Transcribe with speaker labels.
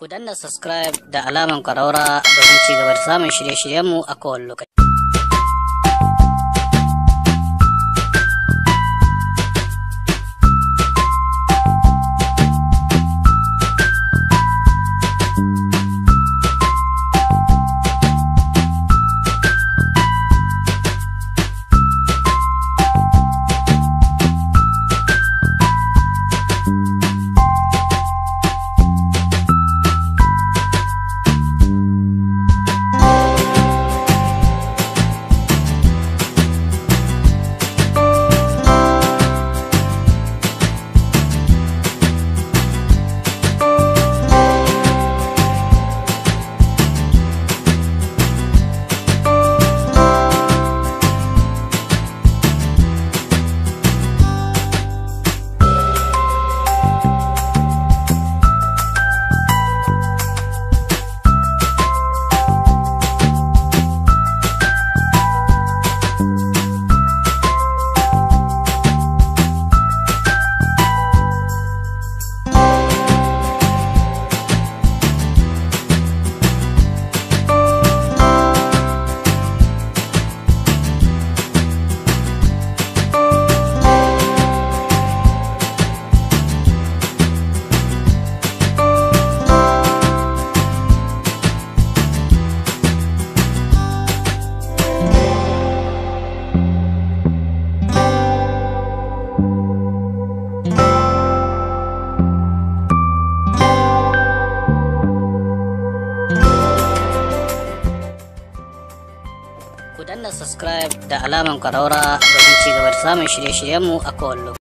Speaker 1: Ku danna subscribe da alamar karaura domin ci gaba da samun shirye-shiryenmu a kowane lokaci. danna subscribe da alamar ƙwararra domin ci gaba da samun shirye-shiryenmu
Speaker 2: a kowane lokaci